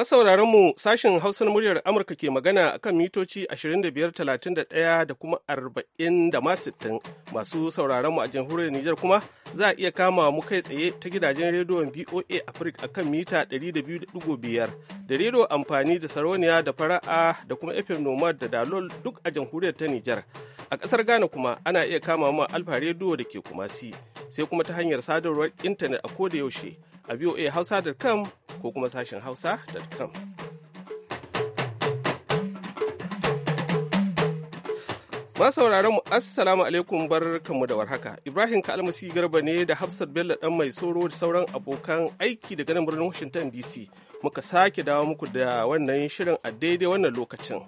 Masauraran mu sashen Hausar muryar Amurka ke magana a kan mitoci 25-31 da kuma 40 da ma 60 masu sauraron mu a jamhuriyar Nijar kuma za a iya kama mu kai tsaye ta gidajen rediyon voa Africa kan mita 200.5 da rediyo amfani da sarauniya da fara'a da kuma FM Nomad da Dalol duk a jamhuriyar ta Nijar. A kasar Ghana kuma ana iya kama mu Alfa rediyo da ke Kumasi sai kuma ta hanyar sadarwar intanet a ko da yaushe a voa hausa.com ko kuma sashen hausa.com. sauraron mu assalamu alaikum bar da warhaka ibrahim kalmasi garba ne da hafsat bello dan mai soro da sauran abokan aiki daga nan birnin washington dc muka sake dawo muku da wannan shirin a daidai wannan lokacin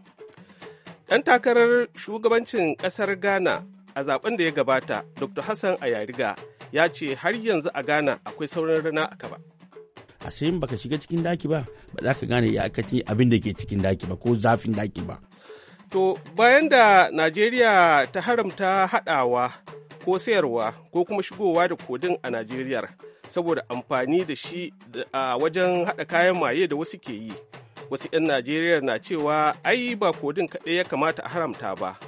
dan takarar shugabancin ƙasar ghana a zaben da ya gabata dr hassan ayariga ya ce har yanzu a Ghana akwai sauran rana a ba A sayan baka shiga cikin daki ba, ba za ka gane iyakacin abin da ke cikin daki ba ko zafin daki ba. To bayan da Najeriya ta haramta haɗawa ko sayarwa ko kuma shigowa da kodin a Najeriya saboda amfani da shi a wajen haɗa kayan maye da wasu ke yi. Wasu 'yan Najeriya na cewa ai ba kodin kaɗai ya kamata a haramta ba,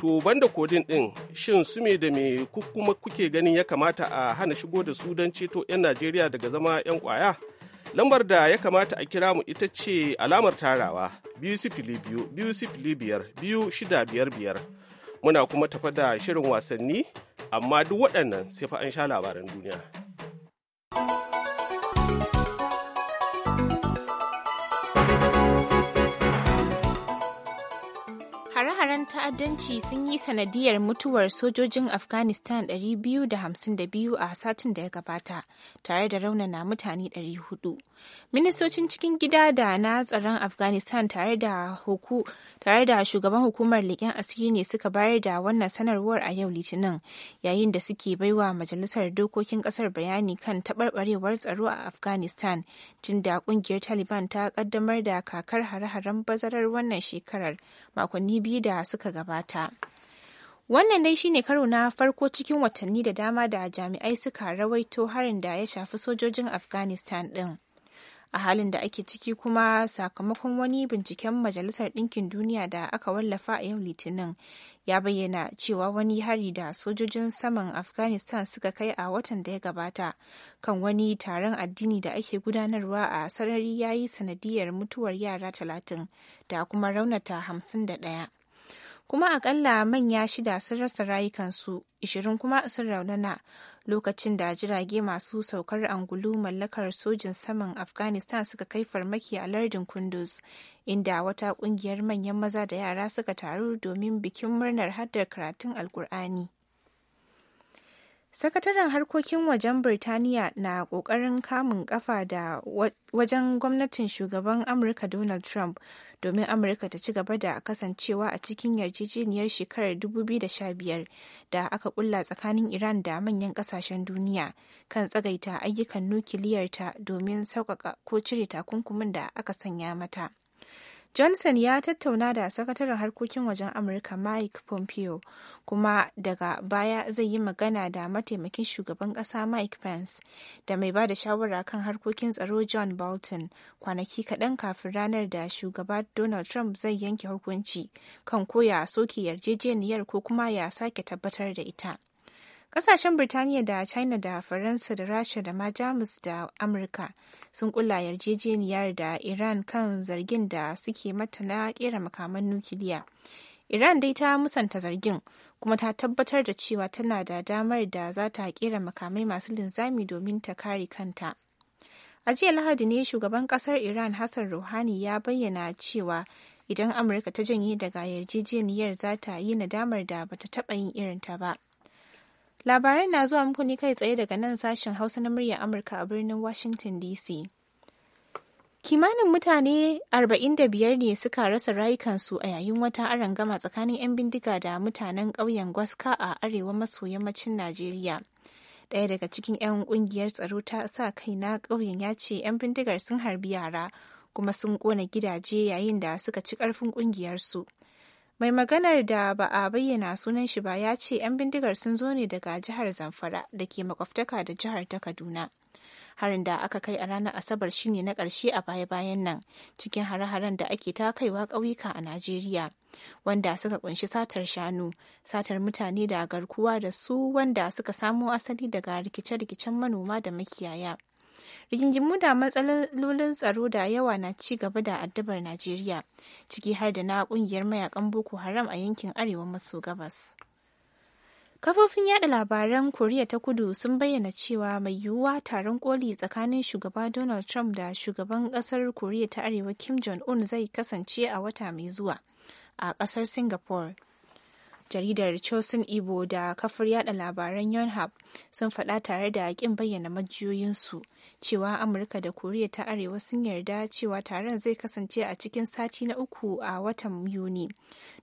To banda kodin din shin su me da me kuma kuke ganin ya kamata a hana shigo da su don ceto 'yan Najeriya daga zama 'yan kwaya? Lambar da ya kamata a kira mu ita ce alamar tarawa biyu sifili biyu biyu sifili biyar biyu shida biyar biyar. Muna kuma tafa da shirin wasanni amma duk waɗannan sai fa an sha labaran duniya. ta'addanci sun yi sanadiyar mutuwar sojojin Afghanistan 252 a satin da ya gabata, tare da raunana mutane 400. Ministocin cikin gida da na tsaron Afghanistan tare da shugaban hukumar leƙen asiri ne suka bayar da wannan sanarwar a yau Litinin, yayin da suke baiwa Majalisar Dokokin kasar bayani kan taɓarɓarewar tsaro a Afghanistan, tun da ƙungiyar Taliban ta ƙaddamar da kakar hare-haren bazarar wannan shekarar makonni biyu da suka suka gabata. Wannan dai shine karo na farko cikin watanni da dama da jami'ai suka rawaito harin da ya shafi sojojin Afghanistan ɗin. A halin da ake ciki kuma sakamakon wani binciken Majalisar Ɗinkin Duniya da aka wallafa a yau Litinin ya bayyana cewa wani hari da sojojin saman Afghanistan suka kai a watan da ya gabata kan wani taron addini da ake gudanarwa a sarari yayi yi sanadiyar mutuwar yara talatin da kuma raunata hamsin da ɗaya. kuma akalla manya shida sun rasa rayukansu ishirin kuma sun raunana lokacin da jirage masu saukar angulu mallakar sojin saman afghanistan suka kai farmaki a lardin kunduz inda wata kungiyar manyan maza da yara suka taru domin bikin murnar haddar karatun alkur'ani sakataren harkokin wajen birtaniya na kokarin kamun kafa da wajen gwamnatin shugaban amurka donald trump domin amurka ta ci gaba da kasancewa a cikin yarjejeniyar shekarar 2015 da aka kulla tsakanin iran da manyan kasashen duniya kan tsagaita ayyukan nukiliyarta domin sauƙaƙa ko cire takunkumin da aka sanya mata. Johnson ya tattauna da sakataren harkokin wajen Amurka Mike Pompeo kuma daga baya zai yi magana da mataimakin shugaban kasa Mike Pence da mai ba da shawara kan harkokin tsaro John Bolton kwanaki kaɗan kafin ranar da shugaba Donald Trump zai yanke hukunci kan ko ya soke yarjejeniyar ko kuma ya sake tabbatar da ita. Ƙasashen Birtaniya da China da Faransa da Rasha da ma Jamus da Amurka sun kulla yarjejeniyar da Iran kan zargin da suke mata na kera makaman nukiliya. Iran dai ta musanta zargin kuma ta tabbatar da cewa tana da damar da za ta kera makamai masu linzami domin ta kare kanta. A jiya Lahadi ne shugaban kasar Iran Hassan Rouhani ya bayyana cewa idan Amurka ta janye daga yarjejeniyar za ta yi nadamar da bata taɓa yin irinta ba. labarai na zuwa muku ne kai tsaye daga nan sashen Hausa na muryar Amurka a birnin Washington DC. Kimanin mutane 45 ne suka rasa rayukansu a yayin wata aron gama tsakanin 'yan bindiga da mutanen ƙauyen Gwaska a arewa maso yammacin Najeriya. Ɗaya daga cikin 'yan ƙungiyar tsaro ta sa kai na ƙauyen ya ce 'yan bindigar sun harbi yara kuma sun ƙona gidaje yayin da suka ci ƙarfin ƙungiyarsu. Mai maganar da ba a bayyana sunan shi ba ya ce 'yan bindigar sun zo ne daga jihar Zamfara da ke makwabtaka da jihar ta Kaduna. Harin da aka kai a ranar Asabar shine na ƙarshe a baya-bayan nan cikin hare-haren da ake ta kaiwa ƙauyuka a Najeriya, wanda suka kunshi satar shanu, satar mutane da garkuwa da su wanda suka samo asali daga rikice-rikicen manoma da makiyaya. rigingimu da matsalolin tsaro da yawa na ci gaba da addabar najeriya ciki har da na kungiyar mayakan boko haram a yankin arewa maso gabas kafofin yada labaran koriya ta kudu sun bayyana cewa mai yiwuwa taron koli tsakanin shugaba donald trump da shugaban kasar koriya ta arewa kim jong-un zai kasance a wata mai zuwa a kasar singapore jaridar chosun ibo da kafar yada labaran yonhap sun faɗa tare da kin bayyana majiyoyinsu cewa amurka da koriya ta arewa sun yarda cewa taron zai kasance a cikin sati na uku a watan yuni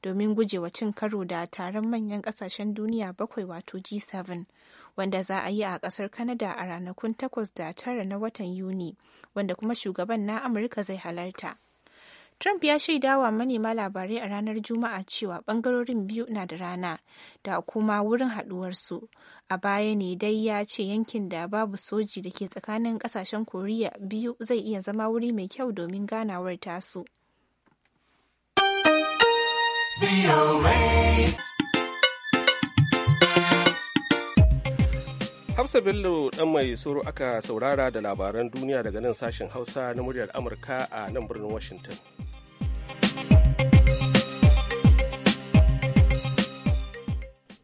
domin gujewa cin karo da taron manyan ƙasashen duniya bakwai wato g7 wanda za a yi a ƙasar canada a ranakun 8 da 9 na watan yuni wanda kuma shugaban na amurka zai halarta Trump ya shaida wa manema labarai a ranar Juma'a cewa bangarorin biyu na da rana da kuma wurin haduwarsu. A baya ne dai ya ce yankin da babu soji da ke tsakanin kasashen Koriya biyu zai iya zama wuri mai kyau domin ganawar tasu. Hafsa Bello dan mai tsoro aka saurara da labaran duniya daga nan sashen Hausa na muryar Amurka a nan birnin Washington.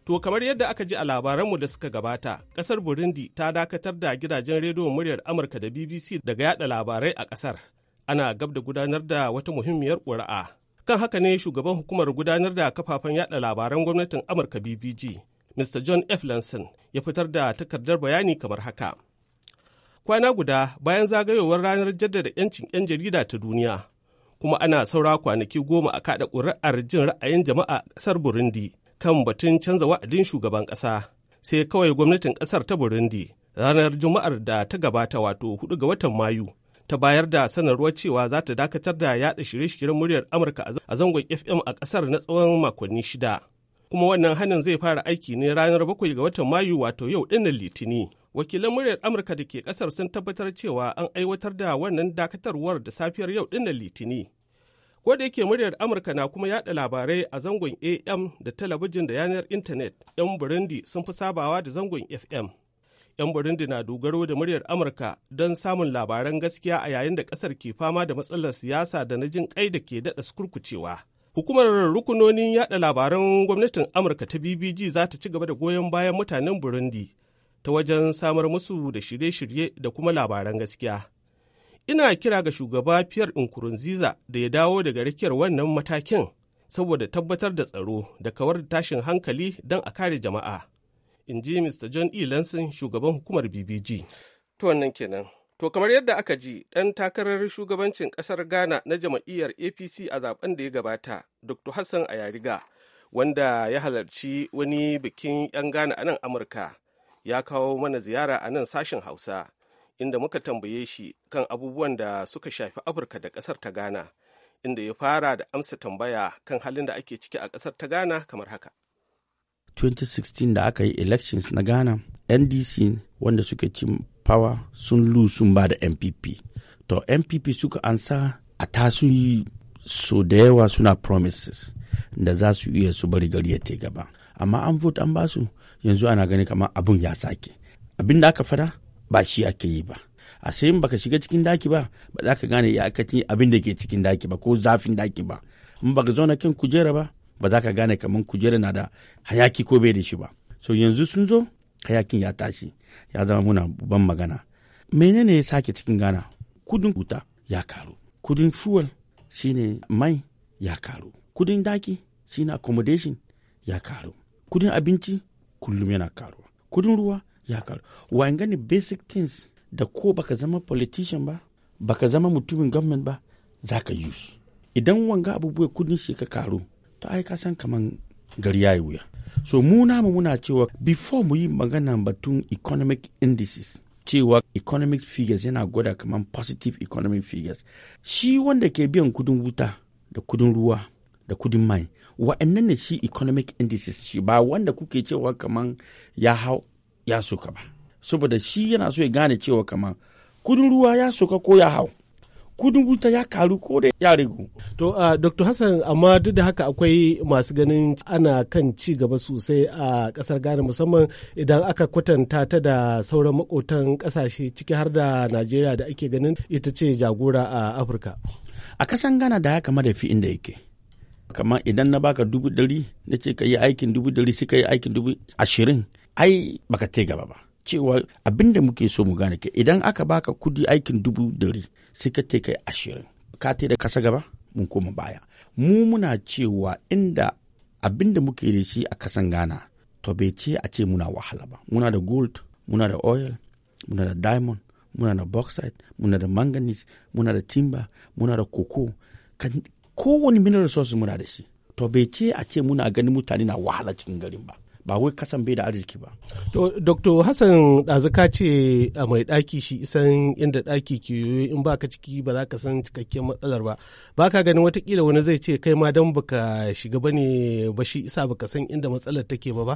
To kamar yadda aka ji a labaranmu da suka gabata, ƙasar Burundi ta dakatar da gidajen rediyon muryar Amurka da BBC daga yada labarai a ƙasar, Ana gab da gudanar da wata muhimmiyar ƙuri'a. Kan haka ne shugaban hukumar gudanar da kafafen yada labaran gwamnatin Amurka BBG, Mr. John F. Lanson, ya fitar da takardar bayani kamar haka. Kwana guda bayan zagayowar ranar jaddada 'yancin 'yan jarida ta duniya, kuma ana saura kwanaki goma a kaɗa ƙuri'ar jin ra'ayin jama'a ƙasar Burundi kan batun canza wa'adin shugaban ƙasa. Sai kawai gwamnatin ƙasar ta Burundi ranar Juma'ar da ta gabata wato hudu ga watan Mayu ta bayar da sanarwar cewa za ta dakatar da yaɗa shirye-shiryen muryar Amurka a zangon FM a ƙasar na tsawon makonni shida. kuma wannan hanin zai fara aiki ne ranar bakwai ga watan mayu wato yau ɗinnan litini wakilan muryar amurka da ke kasar sun tabbatar cewa an aiwatar da wannan dakatarwar da safiyar yau ɗinnan litini ko da yake muryar amurka na kuma yada labarai a zangon am da talabijin da yanar intanet yan burundi sun fi sabawa da zangon fm yan burundi na dogaro da muryar amurka don samun labaran gaskiya a yayin da ƙasar ke fama da matsalar siyasa da na jin kai da ke daɗa sukurkucewa Hukumar rukunonin yada labaran gwamnatin Amurka ta BBG za ta ci gaba da goyon bayan mutanen Burundi ta wajen samar musu da shirye-shirye da kuma labaran gaskiya. Ina kira ga shugaba Pierre Nkurunziza da ya dawo daga rakiyar wannan matakin saboda tabbatar da tsaro da kawar da tashin hankali don a kare jama'a. In ji Mr. John E. Lanson, shugaban hukumar BBG. To To kamar yadda aka ji, ɗan takarar shugabancin ƙasar Ghana na jam'iyyar APC a zaben da ya gabata, Dr. Hassan Ayariga, wanda ya halarci wani bikin 'yan Ghana a nan Amurka, ya kawo mana ziyara a nan sashen Hausa, inda muka tambaye shi kan abubuwan da suka shafi Afirka da ƙasar ta Ghana, inda ya fara da amsa tambaya kan halin da ake ciki a ƙasar ta Ghana kamar haka. 2016 da aka yi elections na Ghana, NDC wanda suka ci power sun lu sun ba da mpp to mpp suka ansa a ta sun yi so da yawa suna promises da za su iya su bari gari ya te gaba amma an vote an basu yanzu ana gani kamar abun ya sake abin da aka fada ba shi ake yi ba a sayin baka shiga cikin daki ba ba za ka gane ya iyakacin abin da ke cikin daki ba ko zafin daki ba in baka zauna kan kujera ba ba za ka gane kaman kujera na da hayaki ko bai da shi ba so yanzu sun zo hayakin ya tashi ya zama muna ban magana menene ya sake cikin gana kudin wuta ya karu kudin fuel shine mai ya karu kudin daki shine accommodation ya karu kudin abinci kullum yana karu kudin ruwa ya karu wa gani basic things da ko baka zama politician ba baka zama mutumin government ba za ka use idan wanga abubuwa kudin shi ka karu to ai ka san kaman gari yayi wuya so mu namu muna cewa before mu yi magana batun economic indices cewa economic figures yana gwada kamar positive economic figures shi wanda ke biyan kudin wuta da kudin ruwa da kudin mai wa'annan ne shi economic indices shi ba wanda kuke cewa kaman ya hau ya soka ba saboda shi yana so ya gane cewa kaman kudin ruwa ya soka ko ya hau kudin wuta ya karu ko da ya rigu. To uh, Dr. Hassan amma duk da haka akwai masu ganin ana kan ci gaba sosai a kasar Ghana musamman idan aka kwatanta ta da sauran makotan kasashe ciki har da Najeriya da ake ganin ita ce jagora a Afirka. A kasan Ghana da haka fi inda yake. kamar idan na baka dubu dari na ce ka yi aikin dubu dari sai ka yi aikin dubu ashirin ai baka ce gaba ba. cewa abin da muke so mu gane ke idan aka baka kudi aikin dubu dari sai ka te kai ashirin ka te da kasa gaba mun koma baya mu muna cewa inda abin da muke da shi a kasan ghana to bai ce a ce muna wahala ba muna da gold muna da oil muna da diamond muna da bauxite muna da manganese muna da timber muna da koko kowane mineral resources muna da shi to bai ce a ce muna ganin mutane na wahala cikin garin ba ba wai kasan bai da arziki ba. To, Dr. Hassan ɗazuka ce a mai ɗaki shi isan inda ɗaki ke yoyo in ka ciki ba za ka san cikakken matsalar ba. Ba ka ganin watakila wani zai ce kai ma don baka shiga ba ne ba shi isa ka san inda matsalar take ba ba?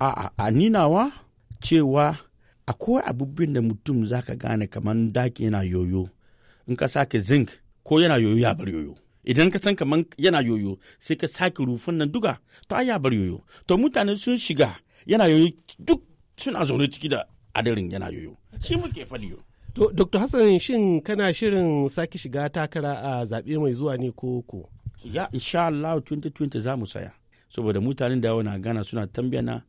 A, a, ninawa cewa akwai abubuwan da mutum za ka gane kamar daki yana yoyo in ka sake zinc ko yana yoyo ya bar yoyo. idan ka san kaman yana yoyo sai ka sake rufin nan duka to ai ya bar yoyo to mutane sun shiga yana yoyo duk suna zaune ciki da adarin yana yoyo shi muke yo to dr hassan shin kana shirin sake shiga takara a zabe mai zuwa ne ko ko ya insha Allah 2020 za mu saya saboda mutanen da na gana suna tambayana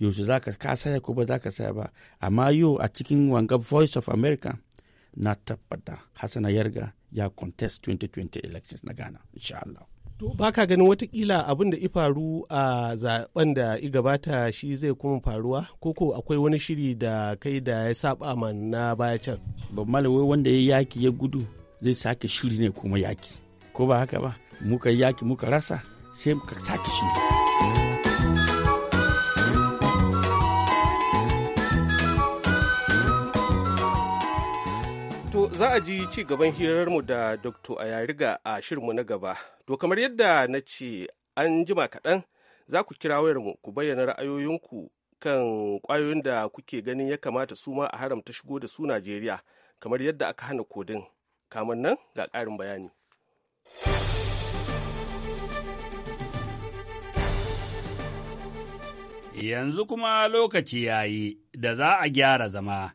yaushe za ka ka saya ko ba za ka saya ba amma yau a cikin wanga voice of america na tabbata hassana yarga ya contest 2020 elections na Ghana insha Allah. To baka ganin watakila abin da ifaru a zaben da i gabata shi zai kuma faruwa koko akwai wani shiri da kai da ya saba man na baya can. Bammala wai wanda ya yaki ya gudu zai sake shiri ne kuma yaki. Ko ba haka ba muka yaki muka rasa sai muka sake shiri. a ji ci gaban hirarmu da Dr. Ayariga a shirinmu na gaba. To kamar yadda na ce an jima kaɗan za ku kira wayarmu ku bayyana ra'ayoyinku kan ƙwayoyin da kuke ganin ya kamata su ma a haramta shigo da su Najeriya kamar yadda aka hana kodin. Kamar nan ga ƙarin bayani. Yanzu kuma lokaci yayi da za a gyara zama.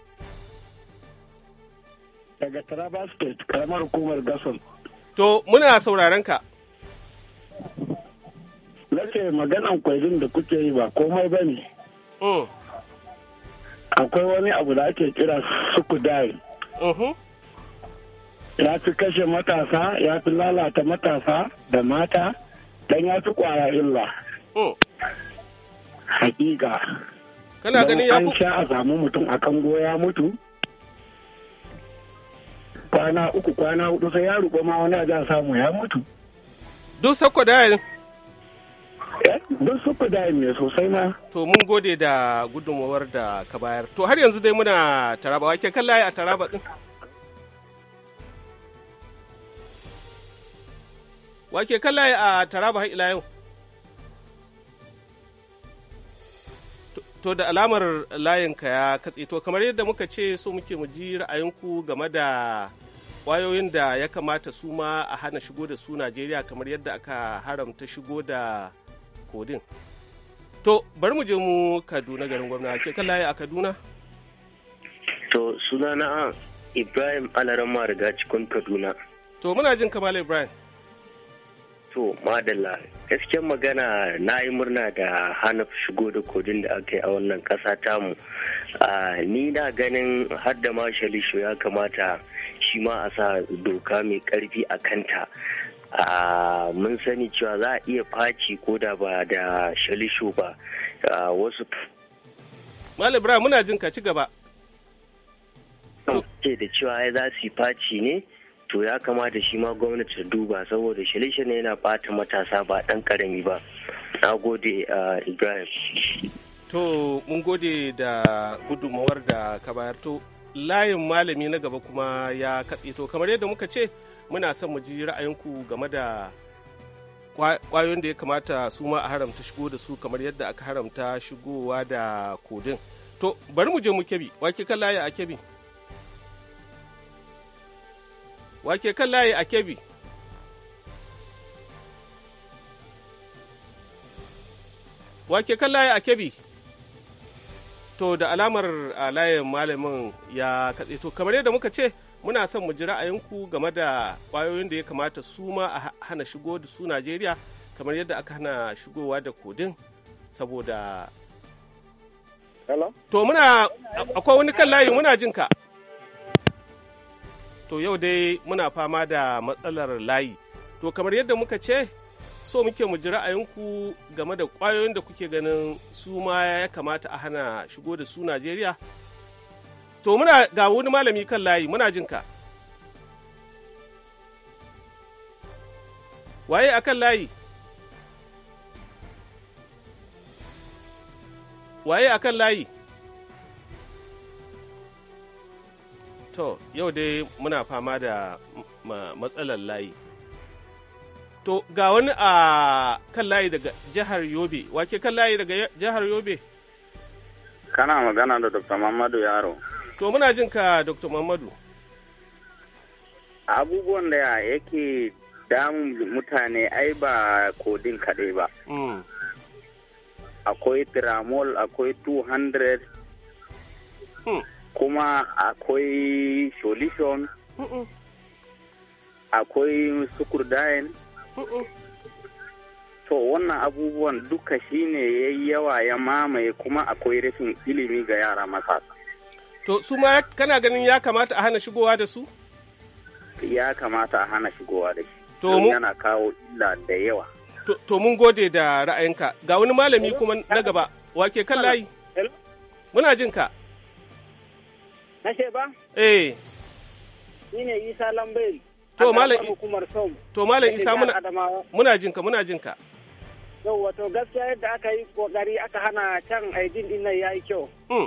daga Taraba State, karamar hukumar Gasol. To, muna sauraron ka. Lace maganan kwaizin da kuke yi ba komai ba ne. Mm. Akwai wani abu da ake kira sukudai. Mm-hmm. Ya fi kashe matasa, ya fi lalata matasa da mata, dan ya fi kwara illa. Mm. Hakika. Kana gani ya fi? An sha a samu mutum akan goya mutu. kwana uku kwana hudu sai ya ruba ma wani za samu ya mutu duk sako yin? Eh, duk sako yin ne sosai ma to mun gode da gudunmawar da ka bayar to har yanzu dai muna taraba wake kan layi a taraba din wake kan layi a taraba har ila yau to da alamar layinka ya katse to kamar yadda muka ce so muke mu ji ra'ayinku game da kwayoyin da ya kamata su ma a hana shigo da su najeriya kamar yadda aka haramta shigo da kodin to bari mu je mu kaduna garin gwamna ke kallaye a kaduna to sunana ibrahim alarama riga cikin kaduna to muna jin kamar ibrahim to madalla gaskiyar magana na yi murna da hana shigo da kodin da aka yi a wannan kasa tamu ah, ni na ganin hadda ma shalisho ya kamata shi ma a sa doka mai karfi a kanta mun sani cewa za a iya faci ko da ba da shalisho ba wasu Malibra muna jin ka ci gaba. ke da cewa ya za su yi faci ne to ya kamata shi ma gwamnati ta duba saboda shalishe ne yana bata matasa ba dan karami ba na gode ibrahim to mun gode da gudunmawar da ka bayar to layin malami na gaba kuma ya katse to kamar yadda muka ce muna son mu ji ra'ayinku game da kwayoyin da ya kamata su ma a haramta shigo da su kamar yadda aka haramta shigowa da kodin to bari mu je mu kebi wake kan layi a kebi wake kan layi a kebi wake kan layi a kebi to da alamar layin malamin ya katse to kamar yadda muka ce muna son mu ji ra'ayinku game da kwayoyin da ya kamata su ma a hana shigo da su najeriya kamar yadda aka hana shigowa da kodin saboda to muna akwai wani kan layi muna jin ka to yau dai muna fama da matsalar layi to kamar yadda muka ce so muke mu ji ra'ayinku game da kwayoyin da kuke ganin su ma ya kamata a hana shigo da su Najeriya. To muna ga wani malami kan layi muna jin ka. Waye a kan layi? Waye a kan layi? To, yau dai muna fama da matsalar layi. To ga wani a kan layi daga jihar Yobe, wake kan layi daga jihar Yobe? Kana magana da Dr. mamadu Yaro. To muna jin ka Dr. Mamadu. Abubuwan da yake damun mutane ai ba kodin kaɗai ba. Mm. Akwai tramol, akwai 200, mm. kuma akwai solution, akwai sukurdayen. To wannan abubuwan duka shi ne ya yi yawa ya mamaye kuma akwai rashin ilimi ga yara matasa. To su ma kana ganin ya kamata a hana shigowa da su? Ya kamata a hana shigowa da shi. To mu yana kawo illa da yawa. To mun gode da ra'ayinka. Ga wani malami kuma na gaba. Wake kan layi? Muna jin ka. Na ba? Eh. Ni ne Isa Lambairi. To malam To malam Isa muna muna jinka muna jinka. Yau wato gaskiya yadda aka yi kokari aka hana can aidin din nan yayi kyau. Hmm.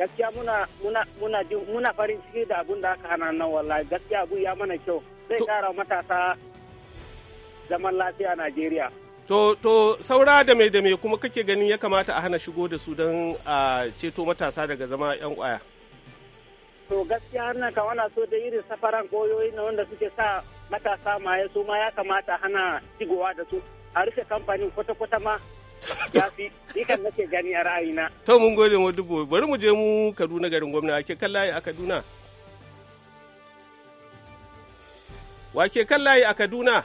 Gaskiya muna muna muna muna farin ciki da abun da aka hana nan wallahi gaskiya abu ya mana kyau. Zai kara matasa zaman lafiya a Najeriya. To, to saura da mai da mai kuma kake ganin ya kamata a hana shigo da su don a ceto matasa daga zama 'yan kwaya. to gaskiya hannun ka wana so da irin safaran koyoyi na wanda suke sa matasa maye su ma ya kamata hana shigowa da su a rufe kamfanin kwata-kwata ma ya fi ikan nake gani a ra'ayina. to mun gode mu dubu bari mu je mu kaduna garin gwamna ake kan layi a kaduna. wake kan layi a kaduna.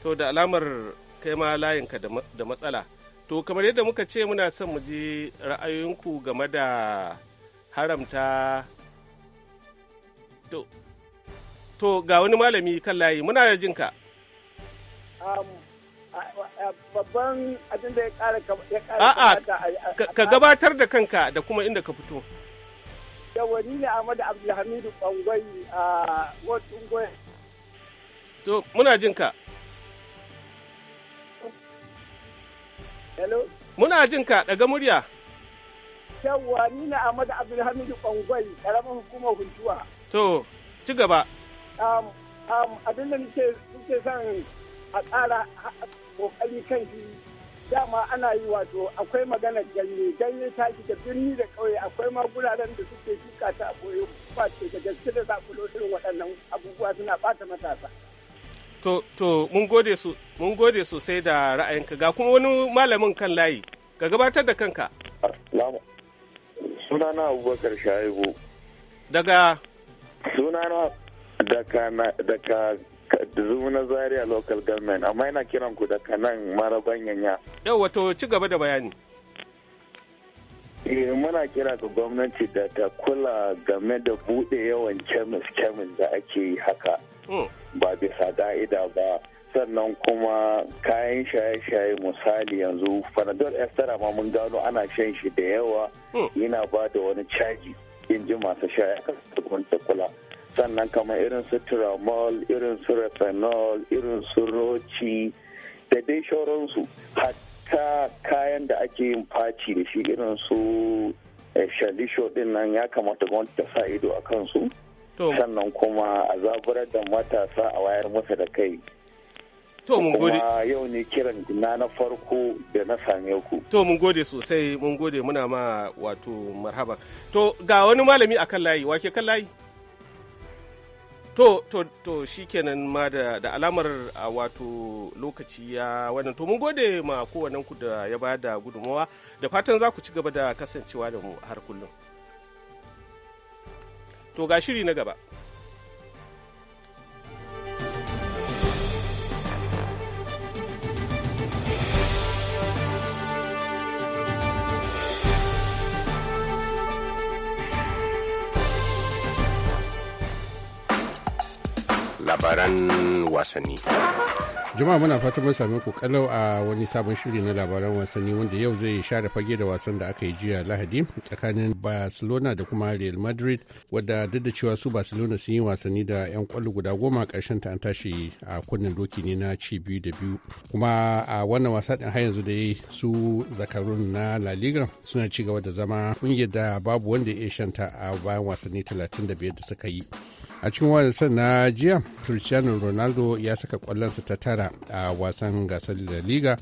to da alamar kai ma layinka da matsala. to kamar yadda muka ce muna son mu ji ra'ayoyinku game da haramta to to ga wani malami kan layi muna da jinka um, babban abin da ya kara a ka gabatar da kanka da kuma inda ka fito yawa ni ne Ahmadu Abdulhamidu Bangwai a Wotun To muna jinka. ka Hello? Muna jin ka daga murya. Yawwa ni na Ahmadu Abdulhamidu Kwangwai, karamar hukumar Huntuwa. To, ci gaba. Um, um, abin da nake son a ƙara ƙoƙari kan shi dama ana yi wato akwai magana ganye ganye ta da birni da ƙauye akwai ma guraren da suke shuka ta a boye ba ce da gaske da zaɓulo irin waɗannan abubuwa suna ɓata matasa. to to mun gode su mun gode sosai da ra'ayinka ga kuma wani malamin kan layi ka gabatar da kanka sunana abubakar shaibu daga sunana daga daga zuna zaria local government amma ina kiran ku daga nan maraban yanya yau wato ci gaba da bayani Eh muna kira ga gwamnati da ta kula game da buɗe yawan kemis kemis da ake yi haka ba bisa da'ida ba sannan kuma kayan shaye-shaye misali yanzu panadol estera ma mun gano ana shan shi da yawa yana ba da wani caji in ji masu shaye ta kula sannan kamar irin su tiramol irin su retinol irin su roci da dai shauransu hatta kayan da ake yin faci da shi irin su eh, shalisho din nan ya kamata gwamnati ta sa ido a kansu sannan kuma a zaburar da matasa a wayar musu da kai To mun gode. yau ne kiran na na farko da na same ku. To mun gode sosai mun gode muna ma wato marhaba. To ga wani malami akan layi wake kan layi? To to to shikenan ma da, da alamar wato lokaci ya wannan to mun gode ma kowannen ku da ya bada gudunmawa da fatan za ku ci gaba da kasancewa da mu har kullum. To ga shiri na gaba. Labaran wasanni. jama'a muna fatan mun same ku kalau a wani sabon shiri na labaran wasanni wanda yau zai share fage da wasan da aka yi jiya lahadi tsakanin barcelona da kuma real madrid wadda duk da cewa su barcelona sun yi wasanni da yan kwallo guda goma karshen ta an tashi a kunnen doki ne na ci biyu da biyu kuma a wannan wasa din har yanzu da su zakarun na la liga suna ci gaba da zama kungiyar da babu wanda ya shanta a bayan wasanni talatin da biyar da suka yi a cikin wasan na jiya cristiano ronaldo ya saka kwallonsa ta tara a wasan gasar da liga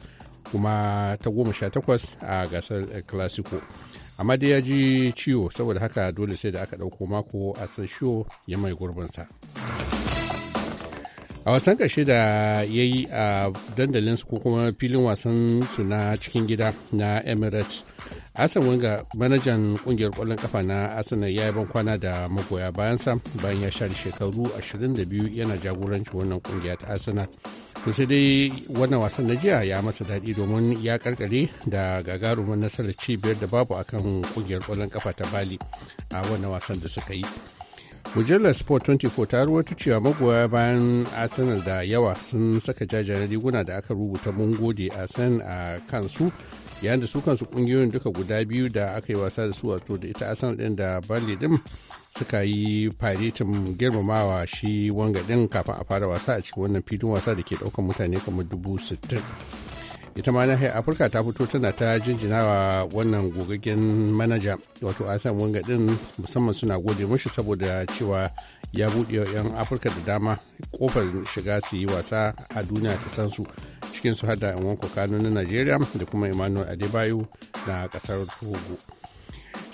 kuma ta goma sha takwas a gasar clasico amma dai ya ji ciwo saboda haka dole sai da aka ɗauko mako a sashiyo ya mai gurbinsa. a wasan ƙarshe da ya yi a dandalin ko kuma filin wasan su na cikin gida na emirates asan wanga manajan kungiyar kwallon kafa na arsenal ya yi ban kwana da magoya bayansa bayan ya share shekaru 22 yana jagoranci wannan kungiya ta arsenal to sai dai wannan wasan na jiya ya masa daɗi domin ya karkare da gagarumin nasarar cibiyar da babu akan kungiyar kwallon kafa ta bali a wannan wasan da suka yi mujallar sport 24 ta ta cewa magoya bayan arsenal da yawa sun saka jajayen riguna da aka rubuta mun gode san a kansu yayin da su kansu kungiyoyin duka guda biyu da aka yi wasa da su wato da ita arsenal din da bali din suka yi faretin girmamawa shi wanga din kafin a fara wasa a cikin wannan filin wasa da ke daukan mutane kamar dubu sittin ita ma nahiyar afirka ta fito tana ta jinjinawa wannan gogaggen manaja wato asan wanga din musamman suna gode mashi saboda cewa ya buɗe wa 'yan afirka da dama kofar shiga su yi wasa a duniya ta san su cikin su hada wanko kano na nigeria da kuma emmanuel adebayo na kasar togo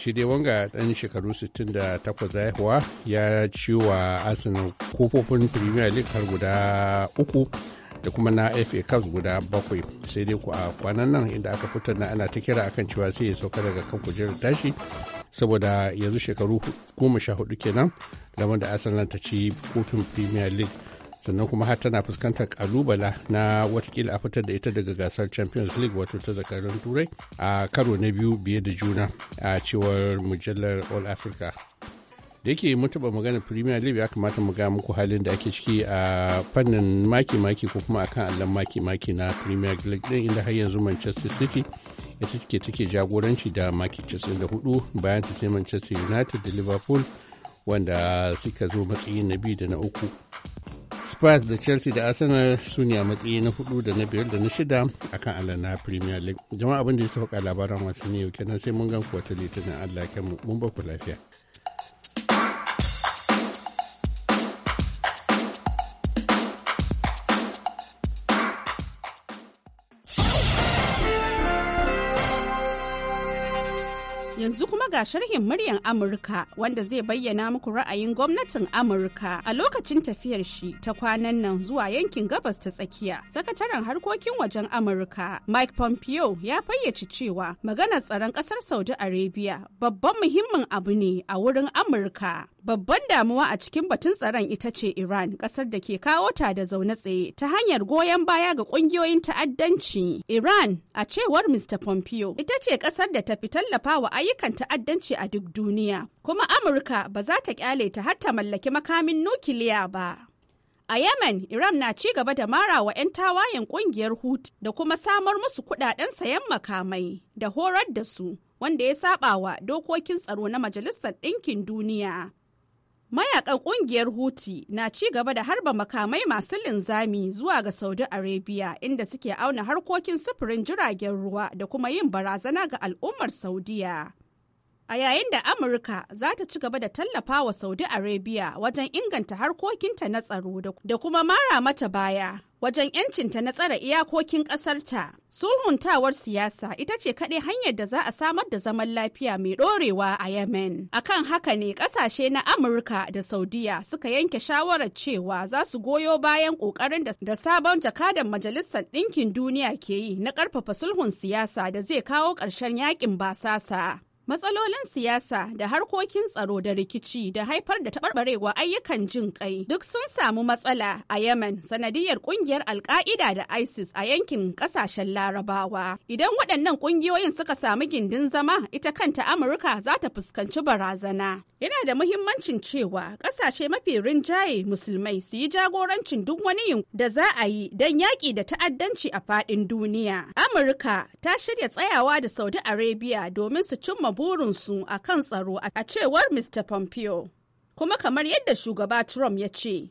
shi dai wanga dan shekaru 68 da haihuwa ya ciwa arsenal kofofin premier league har guda uku da kuma na fa cups guda bakwai sai dai ku a kwanan nan inda aka fitar na ana ta kira akan cewa sai ya sauka daga kan kujerar tashi saboda yanzu shekaru goma sha hudu kenan lamar da arsenal ta ci kofin premier league sannan kuma har tana fuskantar kalubala na watakila a fitar da ita daga gasar champions league wato ta zakarun turai a karo na biyu biye da juna a cewar mujallar all africa da yake mun taba magana premier league ya kamata mu ga muku halin da ake ciki a fannin maki-maki ko kuma akan allon maki-maki na premier league din inda har yanzu manchester city ita take take jagoranci da maki hudu, bayan ta sai manchester united da liverpool wanda suka zo matsayi na biyu da na uku spurs da chelsea da arsenal su ne a matsayi na hudu da na biyar da na shida akan allon na premier league jama'a abin da ya sauka labaran wasanni yau kenan sai mun gan kuwa ta litinin allah kanmu mun ba ku lafiya Yanzu kuma ga sharhin muryan Amurka wanda zai bayyana muku ra'ayin gwamnatin Amurka a lokacin tafiyar shi ta kwanan nan zuwa yankin gabas ta tsakiya. Sakataren harkokin wajen Amurka Mike Pompeo ya fayyace cewa maganar tsaron ƙasar Saudi Arabia babban muhimmin abu ne a wurin Amurka. Babban damuwa a cikin batun tsaron ita ce Iran, ƙasar da ke kawo ta da zaune tsaye ta hanyar goyon baya ga ƙungiyoyin ta'addanci. Iran, a cewar Mr. Pompeo, ita ce ƙasar da ta fi tallafa wa ayyukan ta'addanci a duk duniya kuma amurka ba za ta kyale ta har ta mallaki makamin nukiliya ba a yemen iran na ci gaba da mara wa 'yan tawayen kungiyar hut da kuma samar musu kudaden sayan makamai da horar da su wanda ya saba wa dokokin tsaro na majalisar ɗinkin duniya mayakan kungiyar huti na ci gaba da harba makamai masu linzami zuwa ga saudi arabia inda suke auna harkokin sufurin jiragen ruwa da kuma yin barazana ga al'ummar saudiya a yayin da amurka za ta ci gaba da tallafa wa saudi arabia wajen inganta harkokinta na tsaro da kuma mara mata baya wajen 'yancinta na tsare iyakokin ƙasarta sulhuntawar siyasa ita ce kaɗai hanyar da za a samar da zaman lafiya mai ɗorewa a yemen akan haka ne ƙasashe na amurka da saudiya suka yanke shawarar cewa za su goyo bayan ƙoƙarin da sabon jakadan majalisar ɗinkin duniya ke yi na ƙarfafa sulhun siyasa da zai kawo ƙarshen yaƙin basasa matsalolin siyasa da harkokin tsaro da rikici da haifar da taɓarɓarewa ayyukan jin kai duk sun samu matsala a Yemen sanadiyar ƙungiyar Alƙa'ida da ISIS a yankin ƙasashen Larabawa. Idan waɗannan ƙungiyoyin suka samu gindin zama ita kanta Amurka za ta fuskanci barazana. Yana da muhimmancin cewa ƙasashe mafi rinjaye musulmai su yi jagorancin duk wani yin da za a yi don yaƙi da ta'addanci a faɗin duniya. Amurka ta shirya tsayawa da Saudi Arabia domin su cimma burinsu a kan tsaro a cewar Mr. Pompeo. Kuma kamar yadda shugaba Trump ya ce,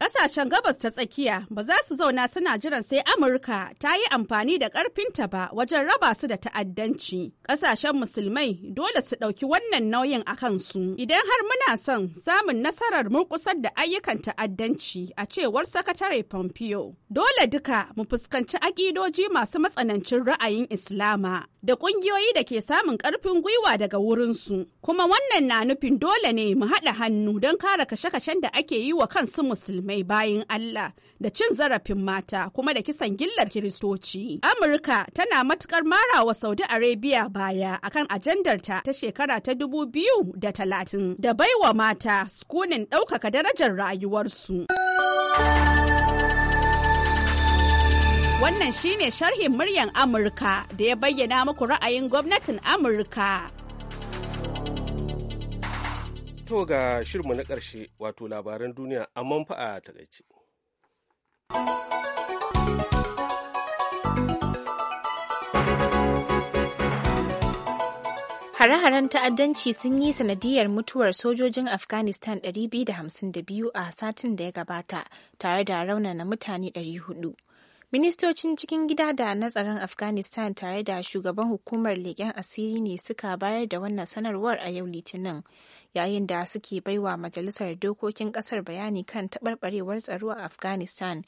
Ƙasashen gabas ta tsakiya ba za su zauna suna jiran sai Amurka ta yi amfani da ƙarfinta ba wajen raba su da ta'addanci. Ƙasashen musulmai dole su ɗauki wannan nauyin a kansu. Idan har muna son samun nasarar murƙusar da ayyukan ta'addanci a cewar Sakatare Pompeo. Dole duka mu fuskanci aƙidoji masu matsanancin ra'ayin Islama da ƙungiyoyi da ke samun ƙarfin gwiwa daga wurinsu. Kuma wannan na nufin dole ne mu haɗa hannu don kare kashe-kashen da ake yi wa kansu musulmai. Mai bayin Allah da cin zarafin mata kuma da kisan gillar kiristoci. Amurka tana matukar marawa Saudi Arabia baya akan ajandarta ta shekara ta dubu biyu da talatin da baiwa mata sukunin ɗaukaka darajar rayuwarsu. Wannan shine sharhin muryan Amurka da ya bayyana muku ra'ayin gwamnatin Amurka. To ga shirmu na ƙarshe wato labaran duniya amma fa a takaice. Hare-haren ta'addanci sun yi sanadiyar mutuwar sojojin Afghanistan 252 a satin da ya gabata tare da na mutane 400. Ministocin cikin gida da na tsaron Afghanistan tare da shugaban hukumar leƙen asiri ne suka bayar da wannan sanarwar a yau Litinin. yayin da suke baiwa majalisar dokokin kasar bayani kan taɓarɓarewar tsaro a afghanistan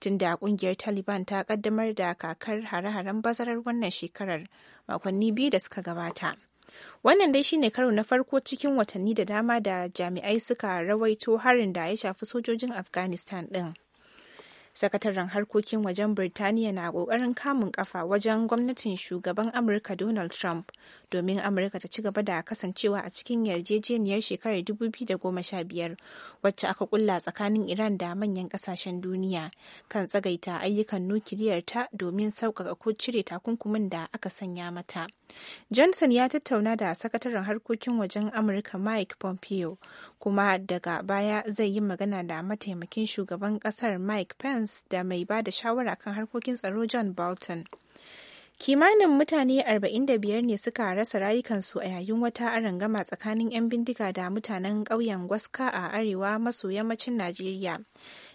tun da kungiyar taliban ta ƙaddamar da kakar hare-haren bazarar wannan shekarar makonni biyu da suka gabata wannan dai shine karo na farko cikin watanni da dama da jami'ai suka rawaito harin da ya shafi sojojin afghanistan din sakataren harkokin wajen birtaniya na kokarin kamun kafa wajen gwamnatin shugaban amurka donald trump domin amurka ta ci gaba da kasancewa a cikin yarjejeniyar shekarar 2015 wacce aka kulla tsakanin iran da manyan kasashen duniya kan tsagaita ayyukan nukiliyar ta domin sauƙaƙa ko cire takunkumin da aka sanya mata johnson ya tattauna da sakataren harkokin wajen amurka mike pompeo kuma daga baya zai yi magana da mataimakin shugaban ƙasar mike pence defense da mai ba da shawara kan harkokin tsaro john bolton kimanin mutane 45 ne suka rasa rayukansu a yayin wata arangama tsakanin 'yan bindiga da mutanen ƙauyen gwaska a arewa maso yammacin najeriya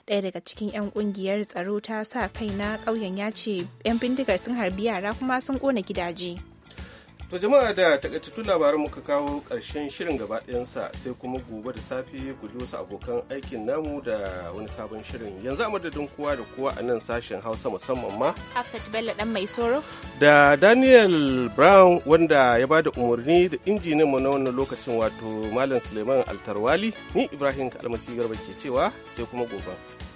ɗaya daga cikin 'yan ƙungiyar tsaro ta sa kai na ƙauyen ya ce 'yan bindigar sun harbi yara kuma sun ƙona gidaje. To jama'a da takaitattun labaran muka kawo ƙarshen shirin gaba ɗayansa sai kuma gobe da safe ku ji wasu abokan aikin namu da wani sabon shirin. Yanzu a madadin kowa da kowa a nan sashen Hausa musamman ma. Hafsat Bello ɗan mai soro. Da Daniel Brown wanda ya ba da umarni da injinin mu na wannan lokacin wato Malam Suleiman Altarwali ni Ibrahim Kalmasi Garba ke cewa sai kuma gobe.